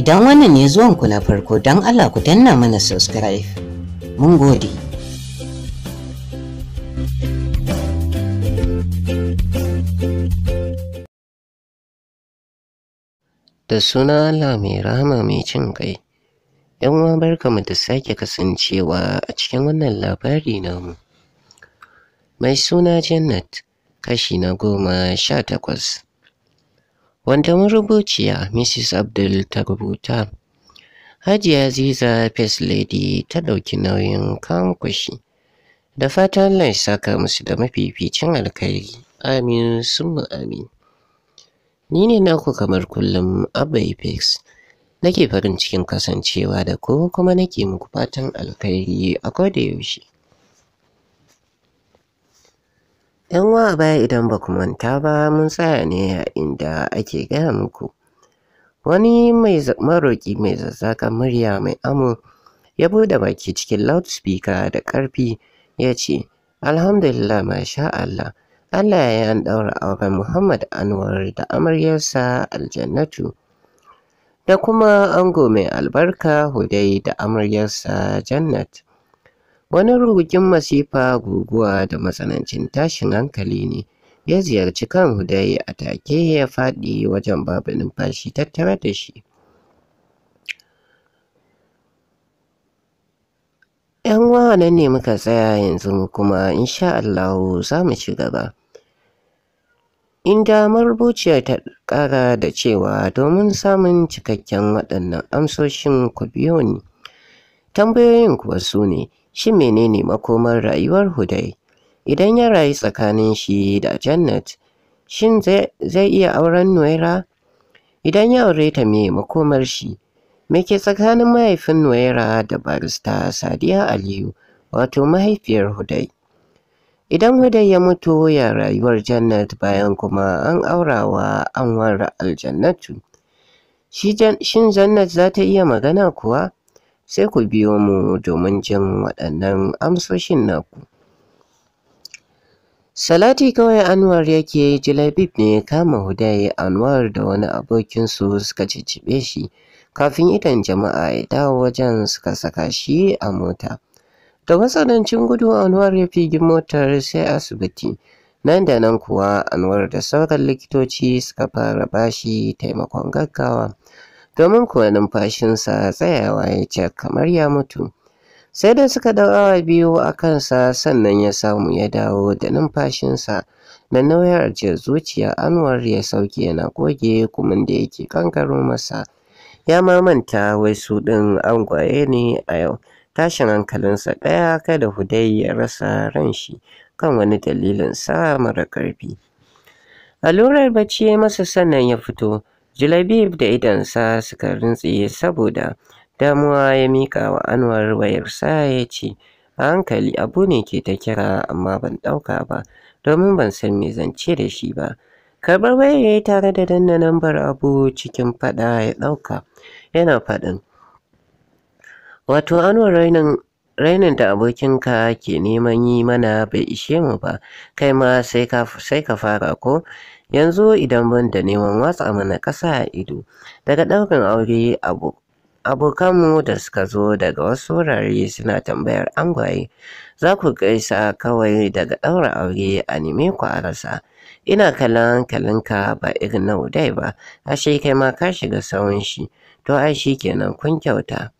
Idan wannan ne zuwan kula farko don Allah ku danna mana subscribe. Mun gode. Da suna Allah mai rahama mai cin kai. ‘Yan uwa barkamu da sake kasancewa a cikin wannan labari mu. Mai suna Janet kashi na goma sha takwas. wanda marubuciya Mrs. Abdul ta rubuta. Hajiya Aziza First Lady ta ɗauki nauyin kankushi. Da fatan Allah ya saka musu da mafificin alkhairi. Amin summa amin. Ni ne naku kamar kullum Abba Apex. Nake farin cikin kasancewa da ku kuma nake muku fatan alkhairi a koda yaushe. 'Yan wa ba idan ba ku manta ba mun tsaya ne a inda ake gaya muku. Wani mai maroƙi mai zazzaƙa murya mai amo ya bude baki cikin loudspeaker da ƙarfi ya ce, Alhamdulillah masha Allah, Allah ya yi ɗaura auren Muhammad Anwar da amaryarsa Aljannatu. Da kuma ango mai albarka Hudai da amaryarsa Jannat. Wani rubukin masifa, guguwa da matsanancin tashin hankali ne ya ziyarci kan Hudai a take ya faɗi wajen babu numfashi tattare da shi. ‘Yan uwa ne muka tsaya yanzu kuma insha Allahu za mu ci gaba. Inda marubuciya ta ƙara da cewa domin samun cikakken waɗannan amsoshin ku biyo ni. Tambayoyin kuwa su ne, shi menene makomar rayuwar Hudai idan ya rayu tsakanin shi da Jannat shin zai iya auren Nuwaira idan ya aure ta me makomar shi me ke tsakanin mahaifin Nuwaira da barista Sadiya Aliyu wato mahaifiyar Hudai idan Hudai ya mutu ya rayuwar Jannat bayan kuma an aurawa wara Aljannatu shin Jannat za ta iya magana kuwa sai ku biyo mu domin jin waɗannan amsoshin naku. Salati kawai Anwar yake jilabib ne kama hudaye Anwar da wani abokinsu suka cicibe shi kafin idan jama'a ya dawo wajen suka saka shi a mota. Da matsanancin gudu Anwar ya figi motar sai asibiti. Nan da nan kuwa Anwar da sauran likitoci suka fara bashi taimakon gaggawa domin kuwa numfashinsa tsayawa ya ce kamar ya mutu. Sai da suka dau awa biyu a kansa sannan ya samu ya dawo da numfashinsa da nauyar ce zuciya Anwar ya sauke yana goge kuma da yake kankaro masa. Ya mamanta wai su ɗin angwaye ne a yau. Tashin hankalinsa ɗaya kada Hudai ya rasa ran shi kan wani dalilin sa mara ƙarfi. Allurar bacci ya masa sannan ya fito. Jalabib da sa suka rintse saboda damuwa ya mika wa Anwar wayarsa ya ce, A hankali abu ne ke ta kira amma ban ɗauka ba domin ban san me zance da shi ba. Karɓar wayar ya yi tare da danna lambar abu cikin faɗa ya ɗauka yana faɗin. Wato Anwar Rainan rainin da abokinka ke neman yi mana bai ishe mu ba kai ma sai ka fara ko yanzu idan ban da neman watsa mana ƙasa a ido daga ɗaurin aure abokanmu da suka zo daga wasu wurare suna tambayar angwaye za ku gaisa kawai daga ɗaura aure a neme ku a rasa ina kallon kalinka ba irin na udai ba ashe kai ma ka shiga sawun shi to ai shi kenan kun kyauta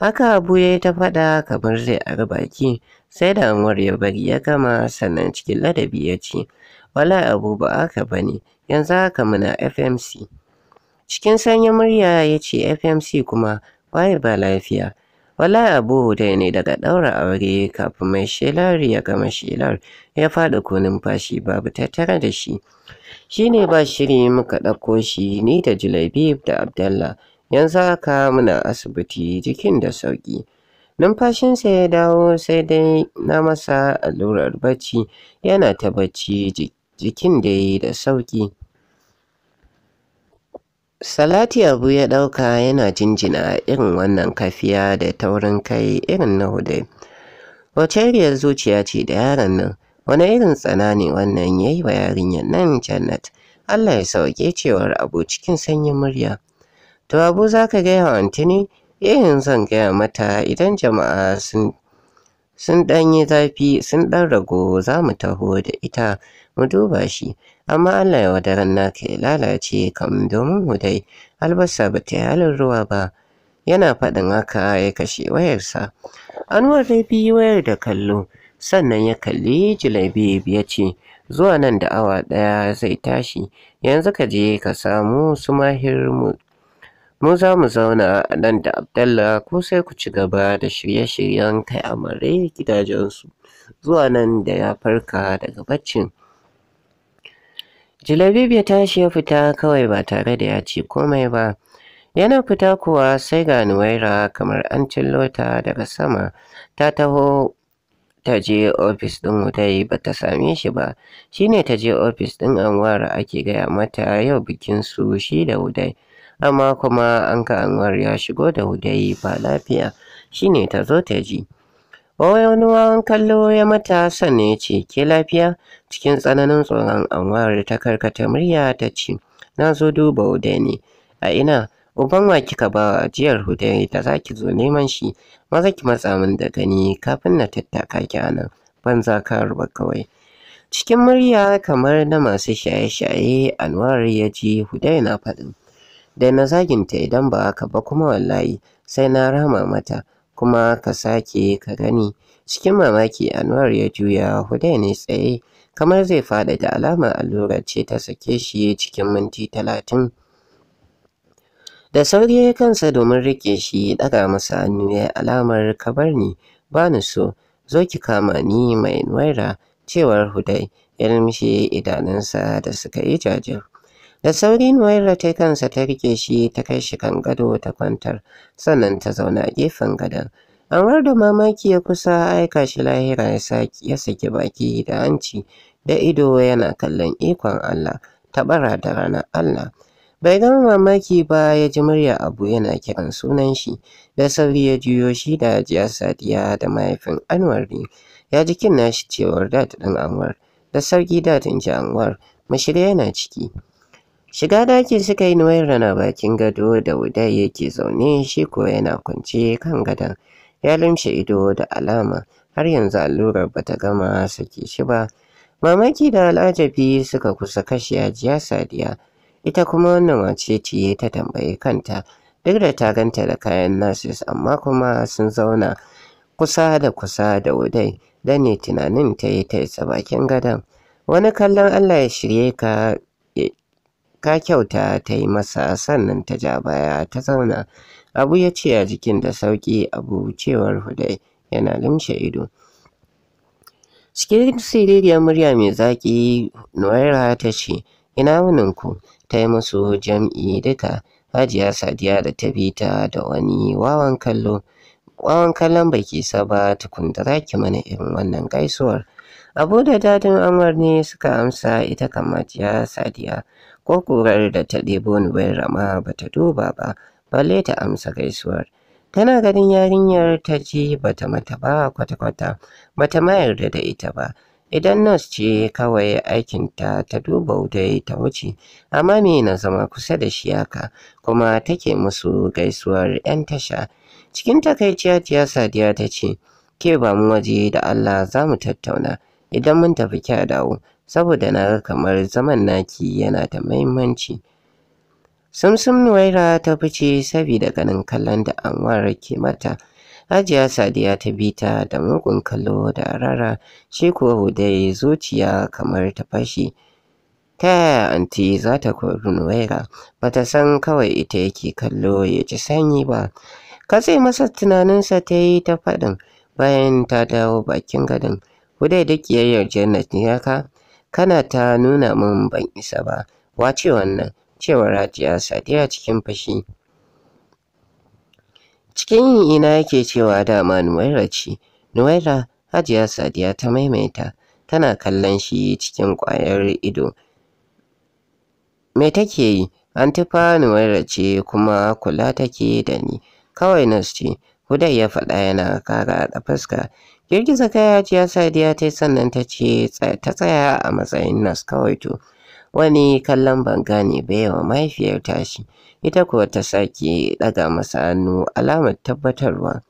Haka Abu ya yi ta faɗa kamar zai ari baki, sai da Anwar ya bari ya gama sannan cikin ladabi ya ce, Wala Abu ba haka ba ne, yanzu haka muna FMC. Cikin sanyin murya ya ce FMC kuma waye ba lafiya. Wala Abu dai ne daga ɗaura aure kafin mai shelar ya gama shelar ya faɗi ko numfashi babu tattare da shi. Shi ne ba shiri muka ɗauko shi ni da Julabib da Abdallah yanzu haka muna asibiti jikin da sauƙi numfashinsa ya dawo sai dai na masa allurar bacci yana ta bacci jikin da yi da sauƙi salati abu ya ɗauka yana jinjina irin wannan kafiya da taurin kai irin na hudai wace riyar zuciya ce da yaron nan wani irin tsana ne wannan ya yi wa yarinyar nan jannat allah ya sauke cewar abu cikin sanyin murya To Abu za ka gaya wa Antini? Eh zan gaya mata idan jama'a sun sun ɗan yi zafi sun ɗan rago za mu taho da ita mu duba shi amma Allah ya wadaran naka ya lalace kam domin mu dai albasa ba ta yi halin ruwa ba yana faɗin haka ya kashe wayarsa Anwar dai bi wayar da kallo sannan ya kalli Julaibib ya ce zuwa nan da awa ɗaya zai tashi yanzu ka je ka samu su mahir mu za mu zauna a nan da Abdallah ko sai ku ci gaba da shirye-shiryen kai amare gidajensu zuwa nan da ya farka daga baccin. Jilabib ya tashi ya fita kawai ba tare da ya ci komai ba. Yana fita kuwa sai ga Nuwaira kamar an cillo ta daga sama ta taho ta je ofis ɗin Hudai ba ta same shi ba, shine ta je ofis ɗin Anwar ake gaya mata yau bikin su shi da wudai amma kuma an ga Anwar ya shigo da Hudayi ba lafiya shine ta zo ta ji. wani wawan kallo ya mata sannan ya ce ke lafiya cikin tsananin tsoron Anwar ta karkata murya ta ce na zo duba Hudayi ne a ina uban wa kika ba ajiyar hudai da za ki zo neman shi maza ki matsa min da gani kafin na tattaka ki ban banza ka ba kawai. cikin murya kamar na masu shaye-shaye anwar ya ji hudai na faɗin da na zaginta idan ba haka ba kuma wallahi sai na rama mata kuma ka sake ka gani cikin mamaki anwar ya juya hudai ne tsaye kamar zai fada da alamar allurar ce ta sake shi cikin minti talatin da sauri ya kansa domin rike shi ɗaga masa hannu ya alamar ka bar ni ba ni so zo ki kama ni mai nuwaira cewar hudai ya lumshe idanunsa da suka yi jajir Da sauri wayar ta kansa ta rike shi ta kai shi kan gado ta kwantar, sannan ta zauna a gefen gadon. Anwar da mamaki ya kusa aika shi lahira ya saki baki da hanci da ido yana kallon ikon Allah, bara da rana Allah. Bai gama mamaki ba ya ji murya abu yana kiran sunan shi, da sauri ya juyo shi da ajiya sadiya da mahaifin Anwar ne. Ya ji kin nashi cewar datin ɗin Anwar, da sauki datin ji Anwar, mashirya yana ciki. Shiga ɗakin suka yi Nuwaira na bakin gado da wuda yake zaune shi ko yana kwance kan gadon. Ya lumshe ido da alama har yanzu allurar ba ta gama sake shi ba. Mamaki da al'ajabi suka kusa kashe ajiya sadiya. Ita kuma wannan wace ce ta tambayi kanta duk da ta ganta da kayan nasis amma kuma sun zauna kusa da kusa da wudai, da ne tunanin ta yi ta isa bakin gadon. Wani kallon Allah ya shirye ka ka kyauta ta yi masa sannan ta ja baya ta zauna abu ya ce a jikin da sauƙi abu cewar hudai yana limshe ido cikin siririyar murya mai zaƙi nuwaira ta ce ina wuninku ta yi musu jam'i duka hajiya sadiya da ta bi da wani wawan kallo wawan kallon baki saba ba tukun da zaki mana irin wannan gaisuwar abu da dadin Amur ne suka amsa ita kamar jiya sadiya ko ƙurar da ta ɗebo ni bai rama ba ta duba ba balle ta amsa gaisuwar tana ganin yarinyar ta ji bata mata ba kwata-kwata bata ta mayar da ita ba idan nas ce kawai aikinta ta duba dai ta wuce amma me na zama kusa da shi haka kuma take musu gaisuwar 'yan tasha cikin takaiciya tiya sadiya ta ce ke ba mu waje da allah za mu tattauna idan mun tafi kya dawo saboda na ga kamar zaman naki yana da mahimmanci. Samsam Nuwaira ta fice saboda ganin kallon da Anwar ke mata. Ajiya Sadiya ta bi ta da mugun kallo da rara shi kuwa hudai zuciya kamar ta fashi. Ta yaya anti za ta kori Nuwaira ba ta san kawai ita yake kallo ya ji sanyi ba. Katse masa tunaninsa ta yi ta faɗin bayan ta dawo bakin gadon. Hudai duk ƙiyayyar Jannat ne ka. kana ta nuna min ban isa ba wace wannan cewar Hajiya Sadiya cikin fashi. Cikin ina yake cewa dama Nuwaira ce, Nuwaira Hajiya Sadiya ta maimaita tana kallon shi cikin ƙwayar ido. Me take yi? an tufa Nuwaira ce kuma kula take da ni, kawai nas ce, Hudai ya faɗa yana kara da fuska, girgiza kaya hajiya sadiya ta yi sannan ta ce ta tsaya a matsayin nas kawai to wani kallon ban gane ba wa mahaifiyar tashi ita kuwa ta sake daga masa hannu alamar tabbatarwa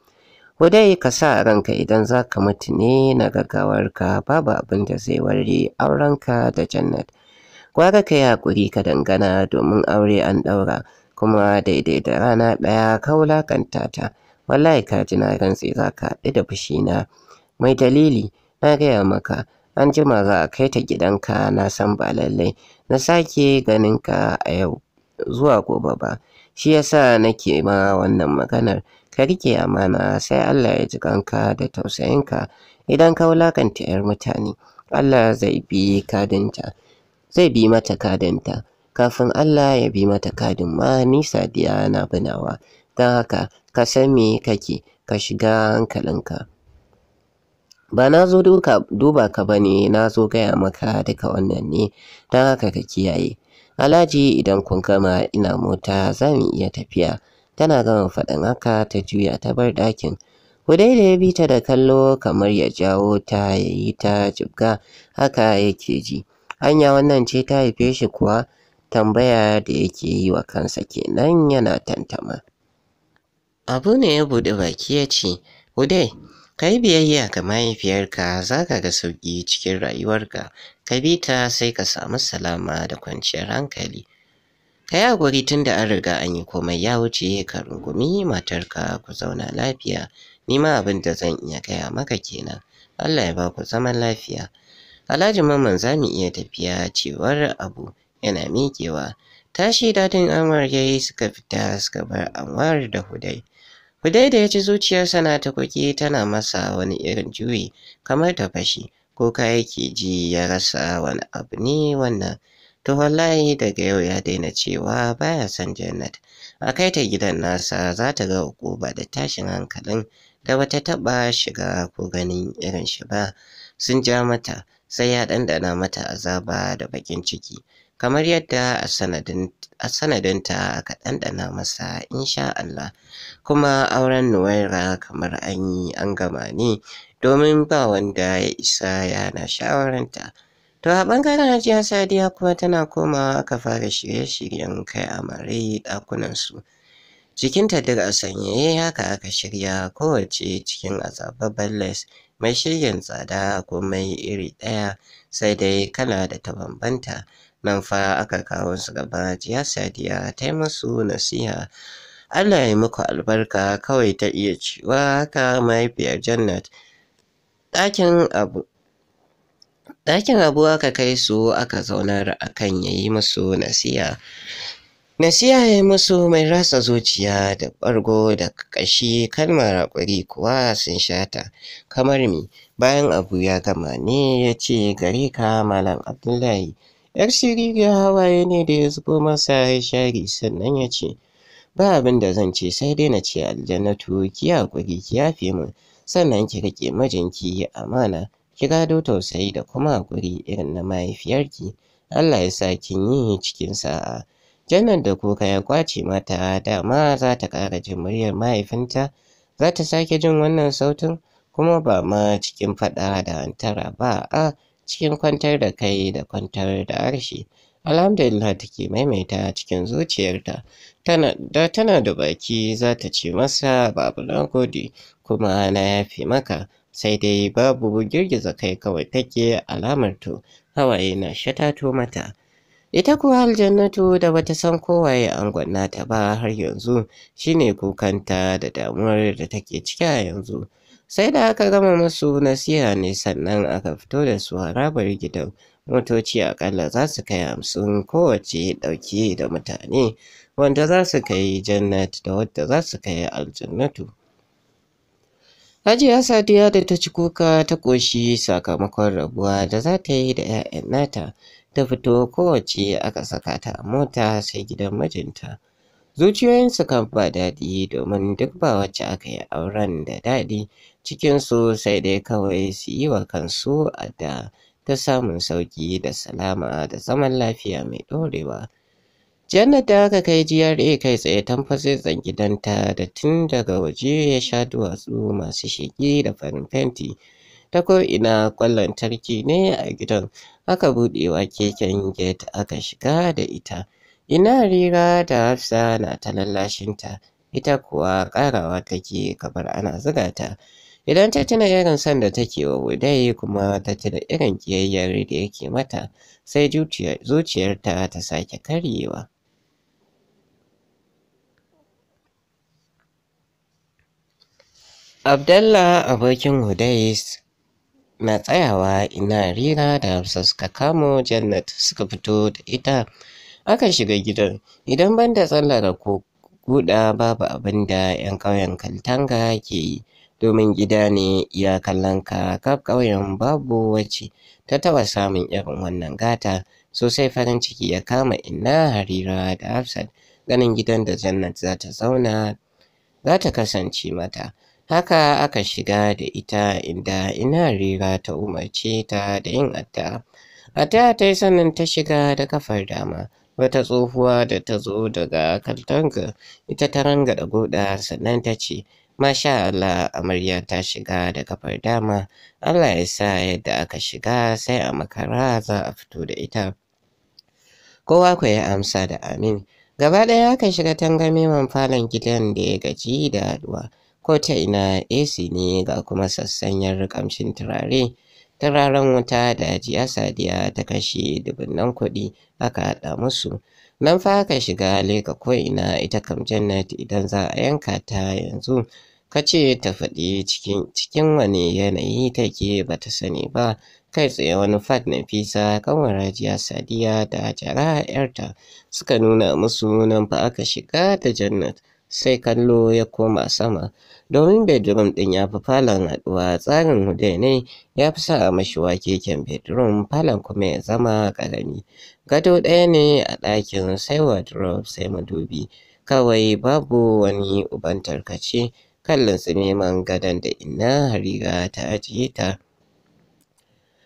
Hudai ka sa ranka idan za ka mutu ne na gaggawarka babu abin da zai warre aurenka da jannat gwara ka yi haƙuri ka dangana domin aure an ɗaura kuma daidai da rana ɗaya ka wulaƙanta ta wallahi ka ji na rantse za ka haɗu da fushina Mai dalili, na gaya maka, an jima za a kai ta gidanka na san ba lallai na sake ganin ka a yau zuwa gobe ba. Shi yasa nake ma wannan maganar, ka rike amana sai Allah ya ji kanka da tausayinka idan ka wulakanta 'yar mutane. Allah zai bi kadinta, zai bi mata kadinta. Kafin Allah ya bi mata kadin ma nisa diya na binawa. Don haka ka san me kake, ka shiga hankalinka. ba na zo duba ka ba ne na zo gaya maka duka wannan ne don haka ka kiyaye alhaji idan kun gama ina mota za mu iya tafiya tana gama faɗin haka ta juya ta bar ɗakin Hudai da ya bi ta da kallo kamar ya jawo ta ya yi ta jibga haka yake ji. Hanya wannan ce ta haife shi kuwa tambaya da yake yi wa kansa kenan yana tantama. Abu ne ya buɗe baki ya ce, Hudai, Kai biyayya ga mahaifiyarka za ka ga sauƙi cikin rayuwarka, ka bi ta sai ka samu salama da kwanciyar hankali. Ka yi hakuri tun da an riga an yi komai ya wuce ka rungumi matarka ku zauna lafiya, ni ma abin da zan iya gaya maka kenan. Allah ya ba ku zaman lafiya. Alhaji Mamman za mu iya tafiya cewar abu yana miƙewa. Tashi dadin Anwar suka fita suka bar Anwar da Hudai. dai da ya ci zuciyarsa na ta kuki tana masa wani irin juyi kamar ta fashi ka yake ji ya rasa wani abu ne wannan. To wallahi daga yau ya daina cewa baya son Jannat. A kai ta gidan nasa za ta ga hukuma da tashin hankalin da bata taɓa shiga ko ganin irin shi ba. Sun ja mata sai ya ɗanɗana mata azaba da bakin ciki. kamar yadda a sanadinta aka ɗanɗana masa insha Allah kuma auren Nuwaira kamar an yi an gama ne domin ba wanda ya isa yana shawaranta. To a ɓangaren Hajiya Sadiya kuma tana koma aka fara shirye-shiryen kai a amare ɗakunansu. Jikinta duk a sanyaye haka aka shirya kowace cikin azababen les mai shiryan tsada komai iri ɗaya sai dai kala da ta bambanta. nan fa aka kawo su gaba jiya sadiya ta yi musu nasiha Allah ya muku albarka kawai ta iya cewa haka mahaifiyar jannat ɗakin abu aka kai su aka zaunar kan ya yi musu nasiha Nasiya ya yi musu mai rasa zuciya da ɓargo da ƙashi kalmar haƙuri kuwa sun shata kamar mi bayan abu ya gama ne ya ce gare ka malam abdullahi Yar siririyar hawaye ne da ya zubo masa ya shari sannan ya ce, Ba abin da zan ce sai dai na ce aljannatu ki haƙuri ki yafe min sannan ki riƙe mijinki amana ki gado tausayi da kuma haƙuri irin na mahaifiyarki. Allah ya sa kin yi cikin sa'a. Jannan da kuka ya kwace mata dama za ta ƙara jin muryar mahaifinta za ta sake jin wannan sautin kuma ba ma cikin faɗa da hantara ba a cikin kwantar da kai da kwantar da harshe. Alhamdulillah take maimaita cikin zuciyarta, tana da tana da baki za ta ce masa babu na gode kuma na yafe maka, sai dai babu girgiza kai kawai take alamar to, hawaye na shatato mata. Ita kuwa aljannatu da bata san kowaye angon nata ba har yanzu shine kukanta da damuwar da take ciki a yanzu sai da aka gama musu nasiha ne sannan aka fito da su harabar gidan motoci akalla za su kai hamsin kowace ɗauki da mutane wanda za su kai jannat da wadda za su kai aljannatu hajiya sadiya da ta ci kuka ta ƙoshi sakamakon rabuwa da za ta yi da 'ya'yan nata ta fito kowace aka saka ta mota sai gidan mijinta zuciyoyinsu kan ba daɗi domin duk ba wacce aka yi auren da daɗi cikinsu sai dai kawai su yi wa kansu a da ta samun sauƙi da salama da zaman lafiya mai ɗorewa. Jannat da aka kai GRA kai tsaye tamfatsitsen gidanta da tun daga waje ya sha duwatsu masu sheƙi da farin fenti. Ta ko'ina kwallon tarki ne a gidan, aka buɗewa keken get aka shiga da ita. Ina rira da Hafsa na ta lallashinta, ita kuwa ƙarawa take kamar ana zuga ta. Idan ta tuna irin son da take wa Huda'i kuma ta tuna irin kiyayyar da yake mata sai zuciyarta ta sake karyewa. Abdallah abokin Hudais na tsayawa ina rira da Hafsa suka kamo Jannat suka fito da ita aka shiga gidan idan ban da tsallara ko guda babu abin da 'yan ƙauyen kaltanga ke yi. domin gida ne iya kallon ka kaf ƙauyen babu wacce ta taɓa samun irin wannan gata sosai farin ciki ya kama ina harira da hafsat ganin gidan da jannat za ta zauna za ta kasance mata haka aka shiga da ita inda ina harira ta umarce ta da yin addu'a addu'a ta yi sannan ta shiga da kafar dama wata tsohuwa da ta zo daga kaltanga ita ta da goɗa sannan ta ce Masha Allah amarya ta shiga da kafar dama, Allah ya sa yadda aka shiga sai a makara za a fito da ita. Kowa ku ya amsa da amin. Gaba ɗaya aka shiga tangamewan falon gidan da ya gaji da haɗuwa. Ko ta ina AC ne ga kuma sassanyar kamshin turare. Turaren wuta da jiya sadiya ta kashe dubunnan kuɗi aka haɗa musu. Nan fa aka shiga leka ko ina ita kam Jannat idan za a yanka ta yanzu ka ce ta faɗi cikin cikin wani yanayi take ba ta sani ba kai tsaye wani fat na fisa kanwar rajiya sadiya da jara yarta suka nuna musu nan fa aka shiga da jannat sai kallo ya koma sama domin bedroom din ya fi falon haɗuwa tsarin hude ne ya fi sa a mashuwa keken bedroom falon kuma ya zama ƙarami gado ɗaya ne a ɗakin sai wardrobe sai madubi kawai babu wani uban tarkace kallonsu neman gadon da ina riga ta ajiye ta.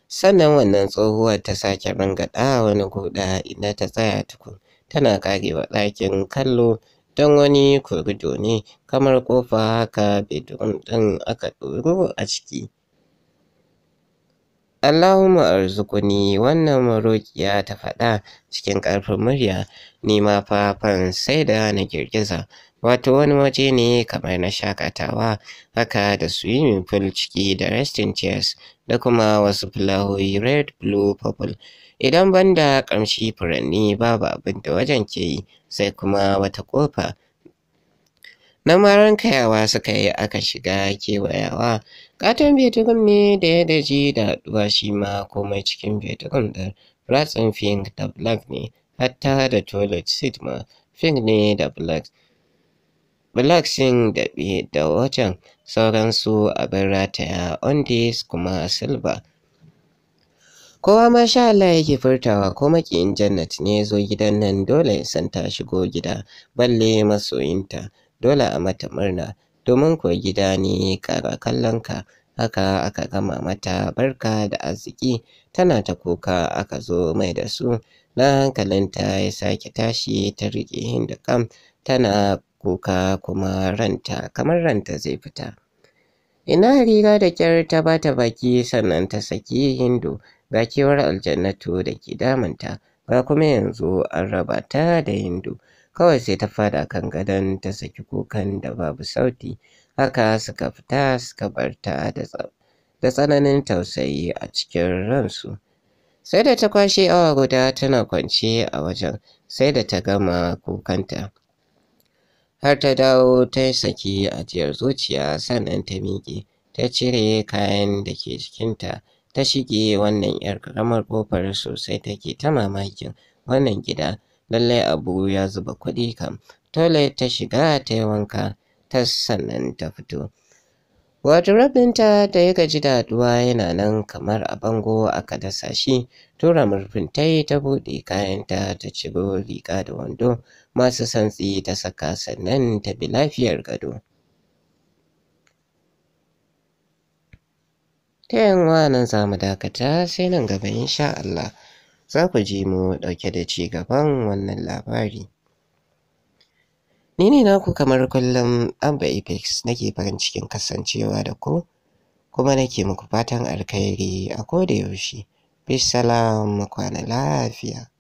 Sannan wannan tsohuwar ta sake rangaɗa wani guda ina ta tsaya tukun tana karewa ɗakin kallo don wani kurgudo ne kamar ƙofa haka bedroom ɗin aka ɗoro a ciki. Allahumma arzukuni wannan maroƙiya ta faɗa cikin ƙarfin murya ni ma fa fan sai da na girgiza wato wani waje ne kamar na shakatawa haka da swimming pool ciki da resting chairs da kuma wasu fulawoyi red blue purple idan banda ƙamshi furanni babu abin da wajen ke yi sai kuma wata ƙofa na maran kayawa suka yi aka shiga kewayawa Katon bedroom ne da ya daji da haɗuwa shi ma komai cikin bedroom ɗin ratsin fink da black ne hatta da toilet seat ma fink ne da black. Black sin da be da wajen sauransu abin rataya undies kuma silver. Kowa ma sha Allah yake furtawa ko makiyin Jannat ne zo gidan nan dole san ta shigo gida balle masoyinta dole a mata murna domin kuwa gida ne kara kallon ka haka aka gama mata barka da arziki tana ta kuka aka zo mai da su na hankalinta ya sake tashi ta riƙe hinda kam tana kuka kuma ranta kamar ranta zai fita. Ina riga da kyar ta bata baki sannan ta saki hindu ga aljannatu da ke damunta ga kuma yanzu an raba ta da hindu kawai sai ta fada kan gadon ta saki kukan da babu sauti haka suka fita suka barta da tsananin tausayi a cikin ransu sai da ta kwashe awa guda tana kwance a wajen sai da ta gama kukanta har ta dawo ta saki ajiyar zuciya sannan ta miƙe ta cire kayan da ke jikinta ta shige wannan 'yar ƙaramar ƙofar sosai take ta mamakin wannan gida lallai abu ya zuba kuɗi kam tole ta shiga ta yi wanka ta sannan ta fito wato rabinta ta yi gaji da haɗuwa yana nan kamar a bango aka dasa shi tura murfin ta yi ta buɗe kayanta ta cibo riga da wando masu santsi ta saka sannan ta bi lafiyar gado ta yanwa nan za mu dakata sai nan gaba insha Allah za ku ji mu ɗauke da ci gaban wannan labari. Ni ne naku kamar kullum Abba Apex nake farin cikin kasancewa da ku kuma nake muku fatan alkhairi a koda yaushe. Bisalam kwana lafiya.